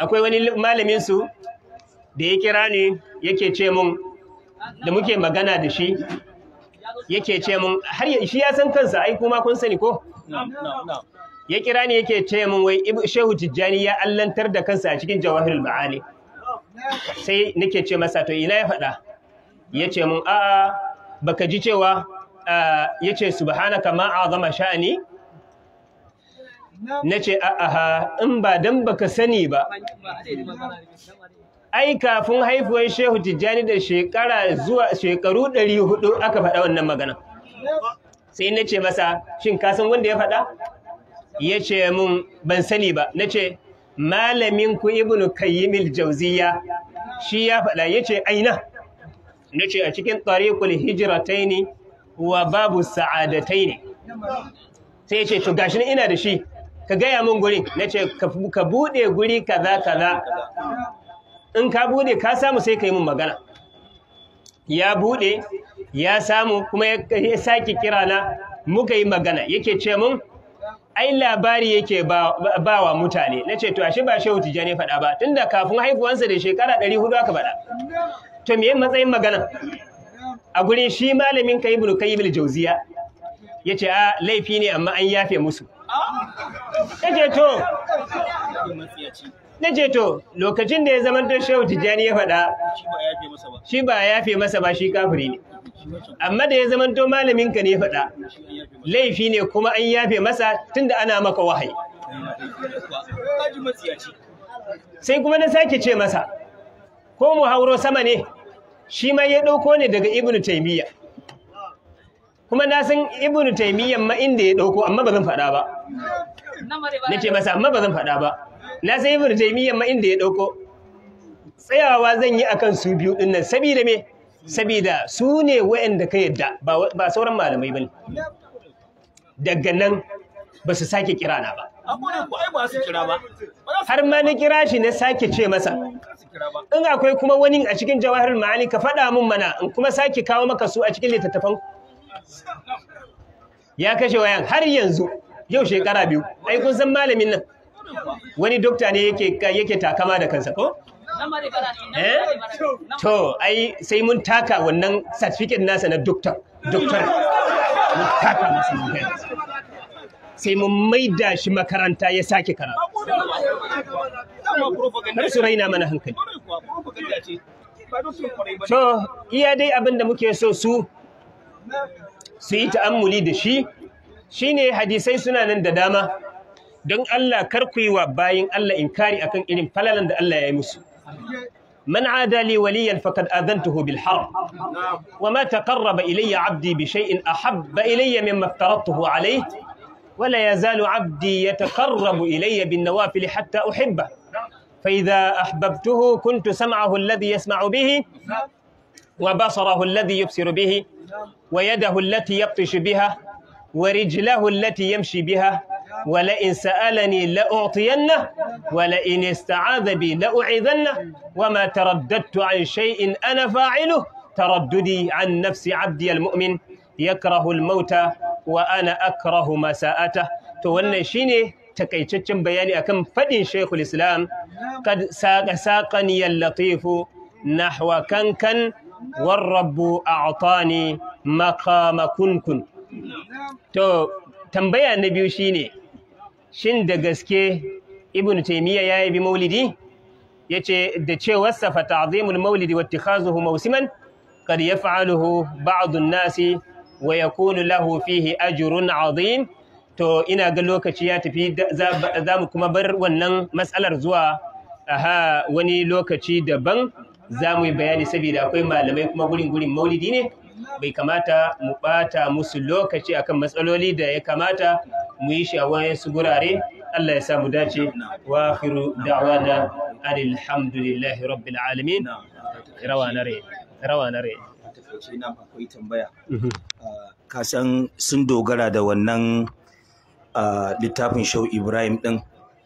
akwai wani malamin su da ya kira ni yake ce mun da muke magana da shi yake ce mun har shi ya san kansa ai kuma kun sani ko ya kira ni yake ce mun wai shehu tijjani ya allantar da kansa a cikin jawahirul ma'ani sai nake ce masa to ina ya faɗa ya ce mun a baka ji cewa ah, ya ce subhanaka ma azama sha'ani na ce a'a in ba dan baka sani ba ai kafin haifuwar shehu tijjani da shekara zuwa shekaru 400 aka faɗa wannan magana sai na ce masa shin kasan wanda ya faɗa ya ce mun ban sani ba na ce malamin ku ibnu kayyimil jauziya shi ya faɗa ya ce aina na ce a cikin hijiratai ne, wa babu sa'adatai ne. sai ya ce to gashi ina da shi ka gaya mun gurin na ce ka buɗe guri kaza kaza in ka buɗe ka samu sai ka yi mun magana ya buɗe ya samu kuma ya sake kira na muka yi magana yake ce mun ai labari yake ba wa mutane na ce to ashe ba shehu tijjani faɗa ba tunda kafin haifuwansa da shekara 400 aka faɗa to me matsayin magana a gurin shi malamin ka ibnu kayyim jawziya yace a ah, laifi ne amma an yafe musu nace to to lokacin da ya zama to shehu tijjani ya faɗa shi ba ya yafe masa ba shi kafiri ne amma da ya zama to malamin ka ne faɗa laifi ne kuma an yafe masa tunda ana maka wahayi sai kuma na sake ce masa ko mu hauro sama ne shi ma ya ɗauko ne daga ibnu taimiyya kuma na san ibnu taymiyyan ma inda ya dauko amma ba zan faɗa ba nace masa amma ba zan ba na san ibnu taymiyyan ma inda ya dauko tsayawa zan yi akan su biyu din nan saboda me saboda su ne waɗanda ka yadda ba sauran malamai bane daga nan ba su sake kira na ba har ma na kira shi na sake ce masa in akwai kuma wani a cikin jawahar ma'ani ka faɗa mun mana in kuma sake kawo maka su a cikin littattafan ya kashe wayan har yanzu yau shekara biyu ai kun san malamin nan wani dokta ne yake yake takama da kansa ko eh? to ai sai mun taka wannan certificate nasa na doctor doctor mun taka masa sai mun maida shi makaranta ya sake karatu har su raina mana hankali to iya dai abin da muke so su su yi ta'ammuli da shi shine hadisai suna nan da dama don Allah kar ku yi wa bayin Allah inkari akan irin falalan da Allah ya yi musu من عادى لي وليا فقد آذنته بالحرب وما تقرب إلي عبدي بشيء أحب إلي مما افترضته عليه ولا يزال عبدي يتقرب إلي بالنوافل حتى أحبه فإذا أحببته كنت سمعه الذي يسمع به وبصره الذي يبصر به ويده التي يبطش بها ورجله التي يمشي بها ولئن سألني لأعطينه ولئن استعاذ بي لأعيذنه وما ترددت عن شيء أنا فاعله ترددي عن نفس عبدي المؤمن يكره الموت وأنا أكره ما ساءته تولى شيني takaitaccen بياني أكم فدي شيخ الإسلام قد ساق ساقني اللطيف نحو كنكن والرب أعطاني makamakunkun to tambaya na biyu shine shin da gaske ibn taymiya ya bi maulidi yace da cewarsa fa ta'zimul maulidi wa ittikhazuhu mawsiman kad yaf'aluhu ba'd an-nasi wa yakunu lahu fihi ajrun 'azim to ina ga lokaci ya tafi za mu kuma bar wannan matsalar zuwa aha wani lokaci daban za mu yi bayani saboda akwai malamai kuma gurin gurin maulidi ne bai kamata mu ɓata musu lokaci akan matsaloli da ya kamata mu yi shawayen su gurare Allah ya samu dace wa akhiru da'wana alhamdulillahi rabbil alamin rawa na rawa ka san sun dogara da wannan littafin Shau Ibrahim din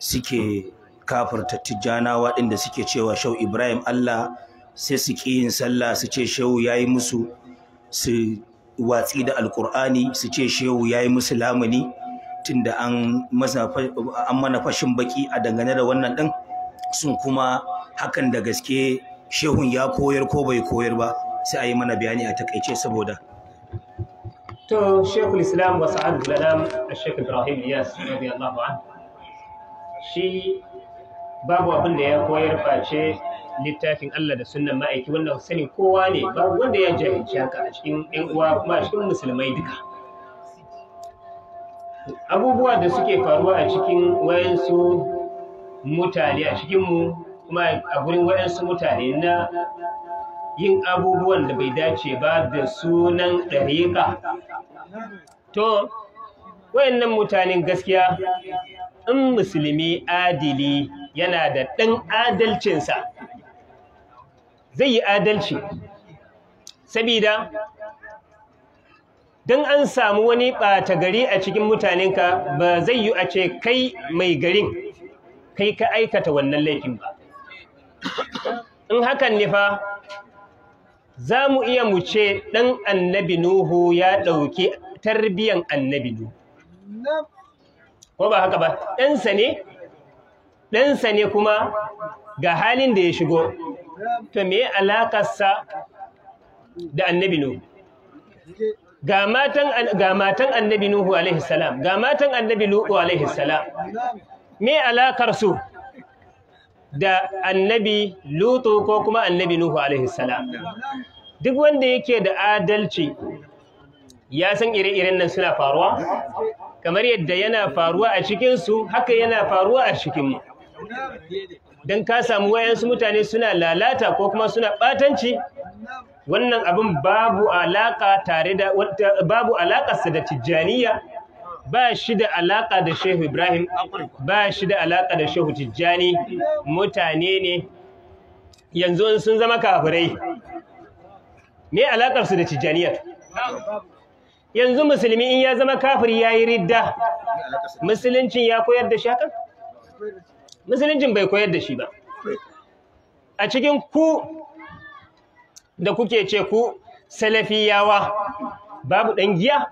suke kafirta tijjanawa din da suke cewa Shau Ibrahim Allah sai su ƙi yin sallah su ce shehu ya musu su watsi da alkur'ani su ce shehu ya yi musu lamuni tunda an mana fashin baki a dangane da wannan ɗin sun kuma hakan da gaske shehun ya koyar ko bai koyar ba sai a yi mana bayani a takaice saboda to shekul islam wasu gudanar a shekul ibrahim yas radiyallahu shi babu abin da ya koyar face littafin Allah da sunnan ma'aiki wannan sani kowa ne babu wanda ya jahilci haka a cikin ɗan uwa kuma a cikin musulmai duka abubuwa da suke faruwa a cikin wayansu mutane a cikin mu kuma a gurin wayansu mutane na yin abubuwan da bai dace ba da sunan ɗariƙa to wayannan mutanen gaskiya in musulmi adili yana da ɗan adalcinsa zai yi adalci sabida don an samu wani ɓata gari a cikin mutanenka ba zai yi a ce kai mai garin kai ka aikata wannan laifin ba in hakan ne fa za mu iya mu ce ɗan annabi nuhu ya ɗauki tarbiyan annabi nuhu ko ba haka ba ɗansa ne ɗansa ne kuma ga halin da ya shigo to me alakarsa da annabi nuhu ga matan annabi nuhu alaihi salam ga matan annabi nuhu alaihi salam me alakarsu da annabi lutu ko kuma annabi nuhu alaihi salam duk wanda yake da adalci ya san ire-iren nan suna faruwa kamar yadda yana faruwa a cikinsu haka yana faruwa a cikinmu don ka samu wayansu mutane suna lalata ko kuma suna ɓatanci wannan abin babu alaƙa tare da babu alaƙarsa da tijjaniya ba shi da alaƙa da shehu ibrahim ba shi da alaƙa da shehu tijjani mutane ne yanzu sun zama kafirai me alaƙarsu da tijjaniyar yanzu musulmi in ya zama kafir ya yi ridda musuluncin ya koyar da shakan musulunci bai koyar da shi ba a cikin ku da kuke ce ku salafiyawa babu ɗan giya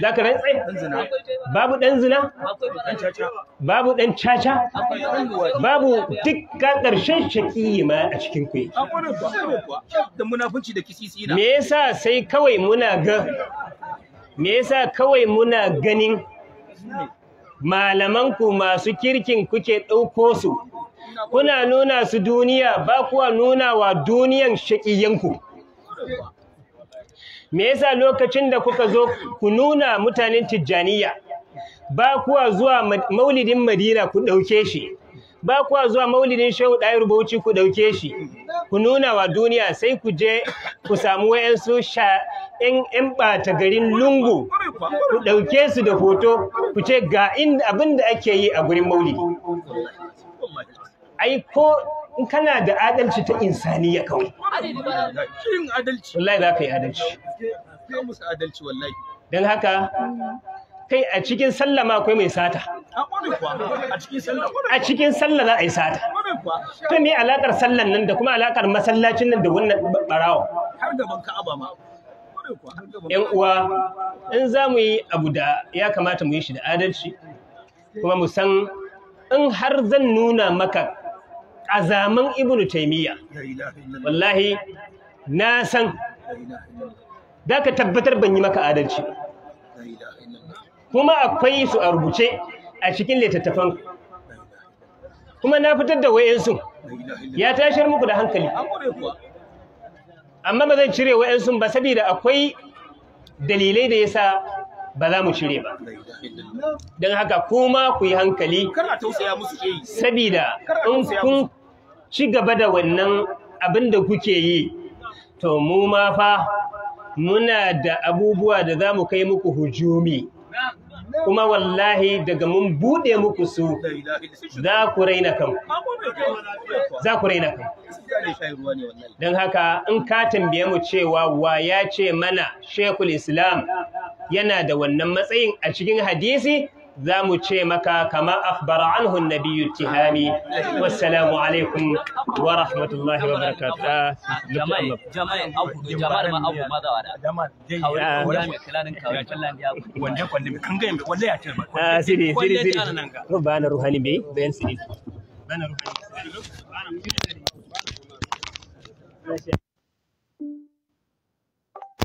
za ka rantsai babu ɗan zina babu ɗan caca babu dukkan ƙarshen shaƙi ma a cikin ku me yasa sai kawai muna ga me yasa kawai muna ganin malamanku masu kirkin kuke ɗauko su kuna nuna su duniya ba kuwa nuna wa duniyan shaƙiyanku me yasa lokacin da kuka zo ku nuna mutanen tijjaniya ba kuwa zuwa maulidin madina ku ɗauke shi ba kuwa zuwa maulidin shehu ɗayar bauchi ku ɗauke shi ku nuna wa duniya sai ku je ku samu wayansu sha yan ɓata garin lungu ku ɗauke su da hoto ku ce ga abin da ake yi a gurin maulidi ai in kana da adalci ta insaniya kawai wallahi za ka yi adalci don haka kai a cikin sallah ma akwai mai sata a cikin sallah za a yi sata to me alakar sallan nan da kuma alakar masallacin nan da wannan barawo har gaban ka'aba ma yan uwa in za mu yi abu da ya kamata mu yi shi da adalci kuma mu san in har zan nuna maka azaman ibnu taimiyya wallahi na san da ka tabbatar ban yi maka adalci kuma akwai su a rubuce a cikin littattafan kuma na fitar da wayansu ya tashar muku da hankali amma ba zan cire wayansu ba saboda akwai dalilai da yasa ba za mu cire ba don haka kuma ku yi hankali saboda in kun ci gaba da wannan abin da kuke yi to mu ma fa muna da abubuwa da za mu kai muku hujumi kuma wallahi daga mun buɗe muku su za ku raina kan za ku raina kan don haka in ka tambaye mu cewa wa ya ce mana shekul islam yana da wannan matsayin a cikin hadisi za mu ce maka kama akhbara anhu nabiyyu tihami wassalamu alaikum wa rahmatullahi wa barakatuh abu ma abu ma da dai mai kawai kallan ya wanda mai kan ya ce ba ko bana ruhani bai bayan bana ruhani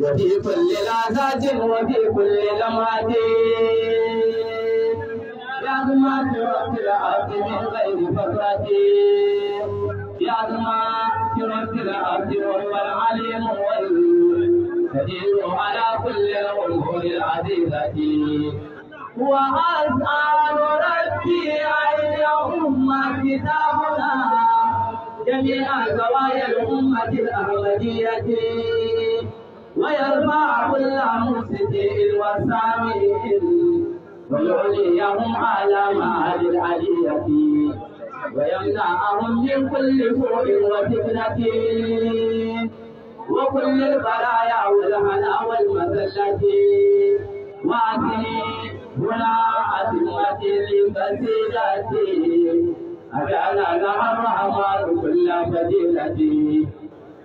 وفي كل لحظة وفي كل لمعة يا زما في العبد من غير فترة يا زما في العبد وهو العليم والقدير على كل الأمور العزيزة وأسأل ربي أن يؤم كتابنا جميع زوايا الأمة الأحمدية ويرفع كل مفسد وسامع ويعليهم على ما العلية ويمنعهم من كل سوء وفتنة وكل البرايا والهنا والمذلة وعزمي ولا عزمة لفسيلتي أجعل لها الرحمن كل فضيلتي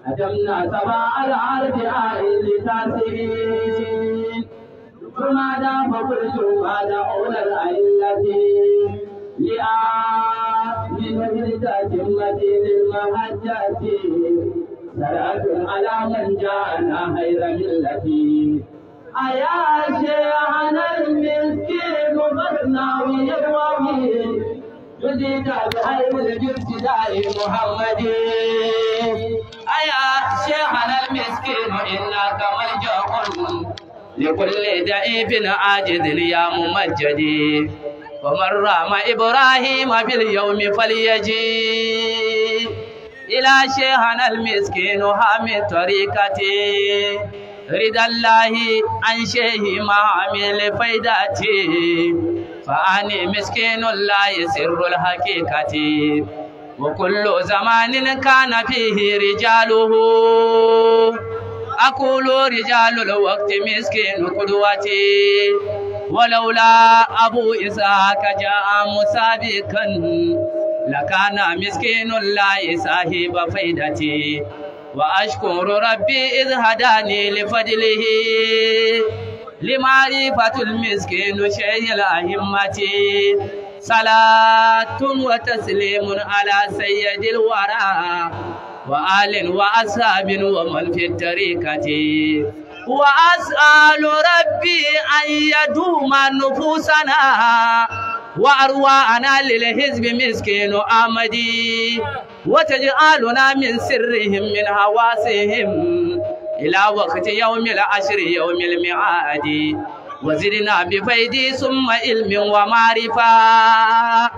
ajamna sama al ardi aili tasiri kuma da fakul kuma da ulal ayyati li a min hajjata jimmatin mahajjati salatu ala man ja'ana hayra millati ayashi anan miskin mubarnawi yawami yudita bi hayr al jirti da'i يا شيخنا المسكين إنك ملجأ لكل ضعيف عاجز يا ممجدي ومن رام إبراهيم باليوم فليجي إلى شيخنا المسكين هام طريقتي رضا الله عن شيه ما عمل فيداتي فأني مسكين لا يسر الحقيقة وكل زمان كان فيه رجاله أقول رجال الوقت مسكين قدوتي ولولا أبو إسحاق جاء مسابقا لكان مسكين لا صاحب فائدتي وأشكر ربي إذ هداني لفضله لمعرفة المسكين شيء الأهمة salatun wa taslimun ala sayyidil wara wa alin wa ashabin wa man fi tariqati wa as'alu rabbi an yaduma nufusana wa ana lil hizb miskinu amadi wa taj'aluna min sirrihim min hawasihim ila waqti yawmil ashri yawmil mi'adi وزرنا بفيد ثم علم ومعرفة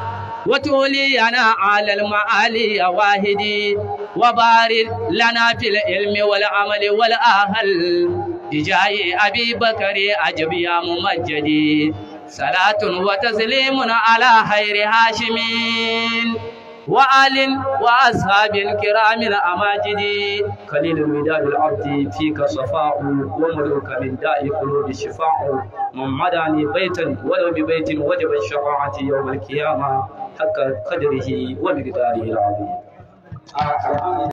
وتولينا على المعالي واهدي وبارك لنا في العلم والعمل والأهل إجاي أبي بكر أجب يا ممجدي صلاة وتسليم على خير هاشمين وعال وأصحاب الكرام الأماجد قليل الوداد العبد فيك صفاء وملوك من داء قلوب شفاء ممدني بيتا ولو ببيت وجب الشفاعة يوم القيامة حق قدره ومقداره العظيم